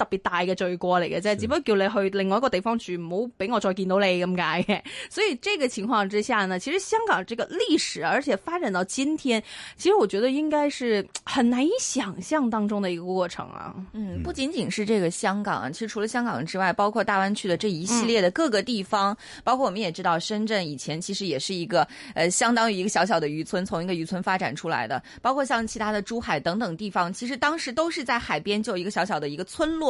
特別大嘅罪過嚟嘅啫，只不過叫你去另外一個地方住，唔好俾我再見到你咁解嘅。所以這個情況之下呢，其實香港這個歷史，而且發展到今天，其實我覺得應該是很難以想象當中的一個過程啊。嗯，不僅僅是這個香港啊，其實除了香港之外，包括大灣區的這一系列的各個地方，嗯，包括我們也知道深圳以前其實也是一個，呃，相當於一個小小的漁村，從一個漁村發展出來的，包括像其他的珠海等等地方，其實當時都是在海邊就有一個小小的一個村落。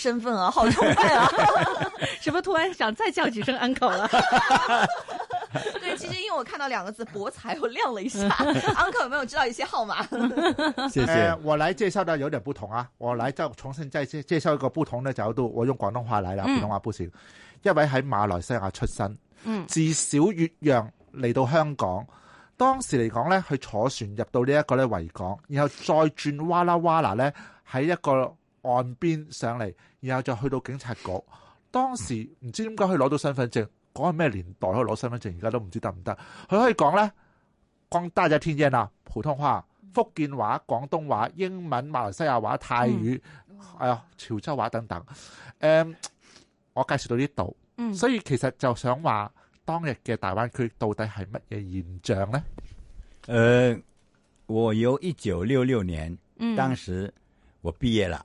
身份啊，好痛快啊！什 麼突然想再叫幾聲 uncle 了，啊？ 對，其實因為我看到兩個字“博彩”，我亮了一下 uncle 有沒有知道一些號碼？ 謝謝。呃、我來介紹的有點不同啊，我來再重新再介介紹一個不同的角度。我用廣東話來啦，普、嗯、通話不少。一位喺馬來西亞出身，嗯，自小越洋嚟到香港，嗯、當時嚟講咧，佢坐船入到呢一個咧維港，然後再轉哇啦哇啦咧喺一個。岸邊上嚟，然後再去到警察局。當時唔知點解可以攞到身份證，講係咩年代可以攞身份證，而家都唔知得唔得。佢可以講咧，講多隻天津啊，普通話、嗯、福建話、廣東話、英文、馬來西亞話、泰語，係、嗯、啊、哎、潮州話等等。誒、um, 我介紹到呢度。嗯，所以其實就想話當日嘅大灣區到底係乜嘢現象咧？誒、呃、我由一九六六年、嗯，當時我畢業啦。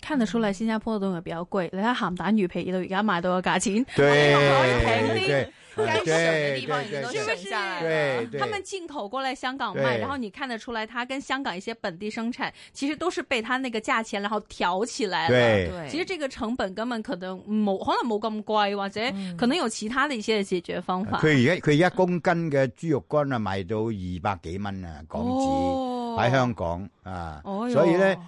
看得出來新加坡嘅東西比較貴，你睇鹹蛋魚皮也都買到而家賣到個價錢，喺外國平啲，喺少嘅地方已經都升價啦。是是他們進口過來香港賣，對，然後你看得出來，佢跟香港一些本地生產，其實都是被佢那個價錢然後挑起來了。對對，其實這個成本根本可能冇，可能冇咁貴，或者可能有其他的一些解決方法。佢而家佢一公斤嘅豬肉乾啊賣到二百幾蚊啊港紙喺、哦、香港啊、哎，所以呢。哎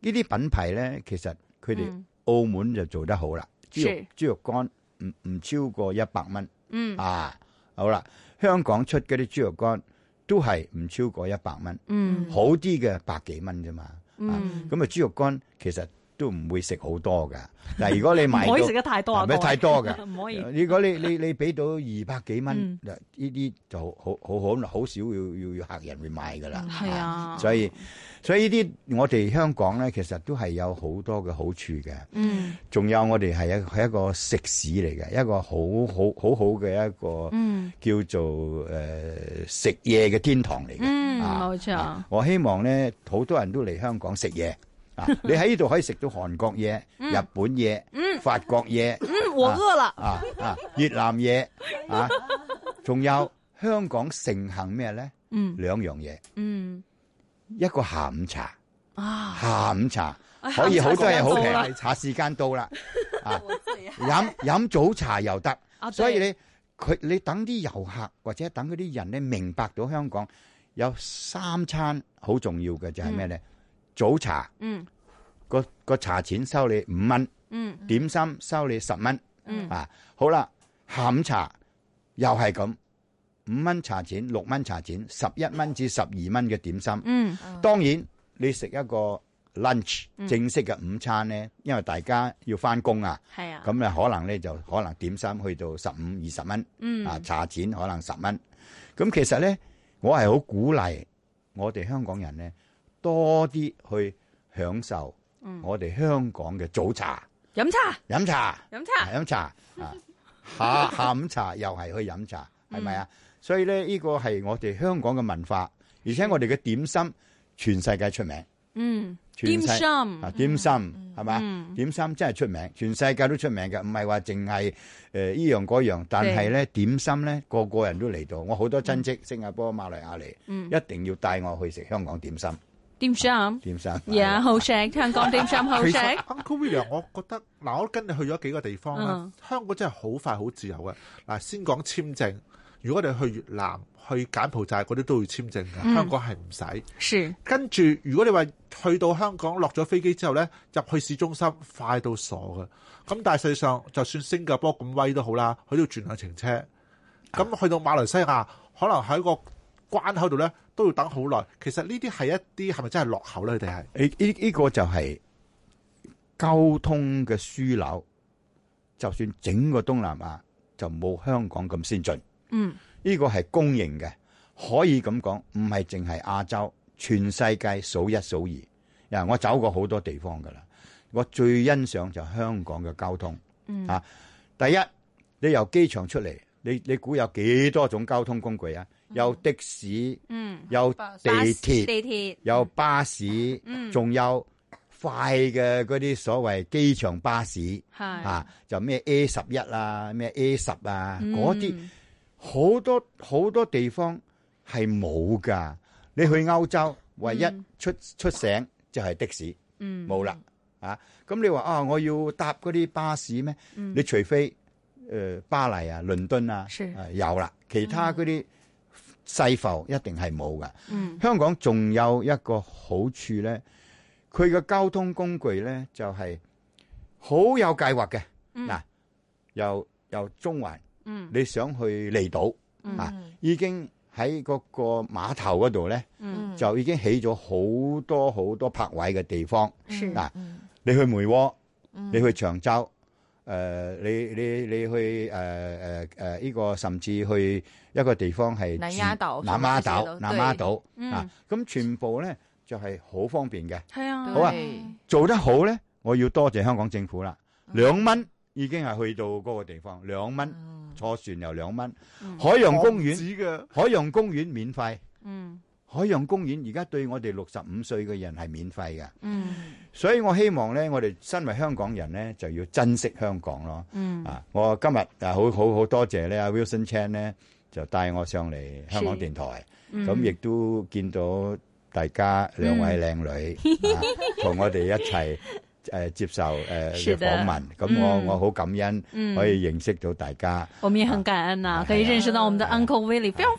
呢啲品牌咧，其實佢哋澳門就做得好啦，嗯，豬肉豬肉乾唔唔超過一百蚊，嗯啊好啦，香港出嗰啲豬肉乾都係唔超過一百蚊，嗯好啲嘅百幾蚊啫嘛，嗯咁啊豬肉乾其實，都唔會食好多噶，但係如果你買，唔可以食得太多啊！唔可以太多噶。如果你你你俾到二百幾蚊，呢啲就好好好好，好少要要客人去買噶啦。係啊，所以所以呢啲我哋香港咧，其實都係有好多嘅好處嘅。嗯，仲有我哋係一係一個食肆嚟嘅，一個好好好好嘅一個叫做誒食嘢嘅天堂嚟嘅。嗯，冇錯。我希望咧好多人都嚟香港食嘢。啊、你喺呢度可以食到韓國嘢、嗯、日本嘢、嗯、法國嘢，嗯，我餓啦，啊啊，啊，越南嘢，啊，仲有香港盛行咩咧？嗯，兩樣嘢，嗯，一個下午茶，啊，下午茶，下午茶可以好多嘢好平，茶時間到啦，啊， 飲飲早茶又得， 所以你，佢你等啲遊客或者等嗰啲人咧，明白到香港有三餐好重要嘅就係咩咧？早茶，嗯。個個茶錢收你五蚊、嗯，點心收你十蚊、嗯、啊！好啦，下午茶又係咁五蚊茶錢，六蚊茶錢，十一蚊至十二蚊嘅點心。嗯 okay. 當然你食一個 lunch、嗯、正式嘅午餐咧，因為大家要翻工啊，係啊，咁咧可能咧就可能點心去到十五二十蚊啊，茶錢可能十蚊。咁其實咧，我係好鼓勵我哋香港人咧多啲去享受。嗯、我哋香港嘅早茶，飲茶，飲茶，飲茶，飲茶啊！下下午茶又係去飲茶，係咪啊？所以咧，呢個係我哋香港嘅文化，而且我哋嘅點心全世界出名。嗯，點心啊，點心係嘛、嗯嗯？點心真係出名，全世界都出名嘅，唔係話淨係誒呢樣嗰樣。但係咧，點心咧，個個人都嚟到。我好多親戚，新加坡、馬來亞嚟、嗯，一定要帶我去食香港點心。點心？點心？好食！香港點心好食。我覺得嗱，我跟你去咗幾個地方咧、嗯，香港真係好快好自由嘅。嗱，先講簽證，如果你去越南、去柬埔寨嗰啲都要簽證嘅，香港係唔使。跟住，如果你話去到香港落咗飛機之後呢，入去市中心快到傻嘅。咁大世上，就算新加坡咁威都好啦，佢都要轉兩程車。咁去到馬來西亞，可能喺個。關口度咧，都要等好耐，其實呢啲係一啲係咪真係落後咧？定係呢呢個就係交通嘅樞紐，就算整個東南亞就冇香港咁先進，嗯，呢個係公認嘅，可以咁講，唔係淨係亞洲，全世界數一數二。呀，我走過好多地方噶啦，我最欣賞就香港嘅交通，嗯啊，第一你由機場出嚟，你你估有幾多種交通工具啊？有的士，嗯，有地鐵，地鐵，有巴士，仲、嗯、有快嘅嗰啲所謂機場巴士，係啊，就咩 A 十一啊，咩 A 十啊，嗰、嗯、啲好多好多地方係冇噶。你去歐洲，唯一出、嗯、出省就係、是、的士，嗯，冇啦啊。咁你話啊，我要搭嗰啲巴士咩、嗯？你除非誒、呃、巴黎啊，倫敦啊，啊有啦，其他嗰啲。嗯是否一定係冇噶？香港仲有一個好處咧，佢嘅交通工具咧就係好有計劃嘅。嗱，由由中環，你想去離島啊，已經喺嗰個碼頭嗰度咧，就已經起咗好多好多泊位嘅地方。嗱，你去梅窩，你去長洲。誒、呃，你你你去誒誒誒呢個甚至去一個地方係南丫島、南丫島、南丫島，南島、嗯、啊，咁全部咧就係、是、好方便嘅。係啊，好啊，做得好咧，我要多謝香港政府啦、嗯。兩蚊已經係去到嗰個地方，兩蚊、嗯、坐船又兩蚊、嗯，海洋公園海洋公園免費。嗯海洋公園而家對我哋六十五歲嘅人係免費嘅，嗯，所以我希望咧，我哋身為香港人咧，就要珍惜香港咯，嗯，啊，我今日啊好好好多謝咧，阿 Wilson Chan 咧就帶我上嚟香港電台，咁亦都見到大家兩位靚女，同我哋一齊誒接受誒訪問，咁我我好感恩可以認識到大家，我們也很感恩啊，可以認識到我們的 Uncle Willy 非常豐，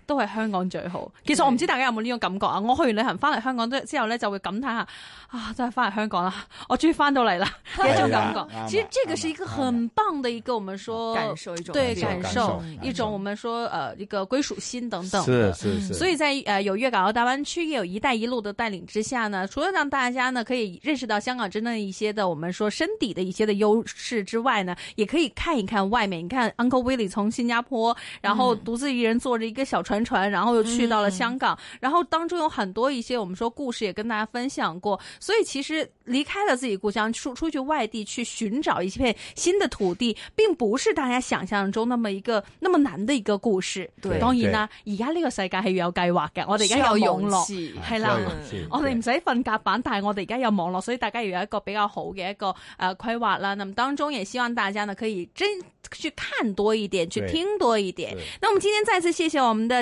都係香港最好。其實我唔知大家有冇呢種感覺啊！我去完旅行翻嚟香港之之後呢，就會感嘆下啊，真係翻嚟香港啦，我終於翻到嚟啦，呢種感覺。 其實這個是一個很棒的一個，我們說感受一種，對感受一種，一種我們說呃一個歸屬心等等。是是是。所以在呃有粵港澳大灣區，也有一帶一路的帶領之下呢，除了讓大家呢可以認識到香港真正一些的，我們說深底的一些的優勢之外呢，也可以看一看外面。你看 Uncle Willy 從新加坡，然後獨自一人坐着一個小船、嗯。傳，然後又去到了香港，嗯，然後當中有很多一些我們說故事也跟大家分享過，所以其實離開了自己故鄉出出去外地去尋找一片新的土地，並不是大家想象中那麼一個那麼難的一個故事。對，當然啦，而家呢個世界係要計劃嘅，我哋而家有網絡，係啦，啊嗯，我哋唔使瞓夾板，但係我哋而家有網絡，所以大家要有一個比較好嘅一個呃規劃啦。那麼當中也希望大家呢可以真去看多一點，去聽多一點。那我們今天再次謝謝我們的。